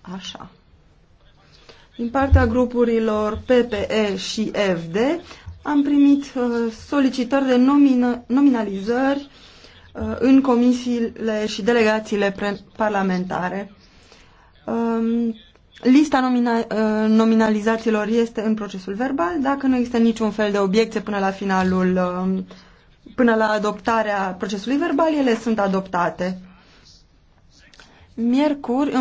așa. Din partea grupurilor PPE și FD am primit uh, solicitări de nomină, nominalizări uh, în comisiile și delegațiile parlamentare. Um, lista nomina, uh, nominalizațiilor este în procesul verbal. Dacă nu există niciun fel de obiecție până la finalul, um, până la adoptarea procesului verbal, ele sunt adoptate. Miercuri,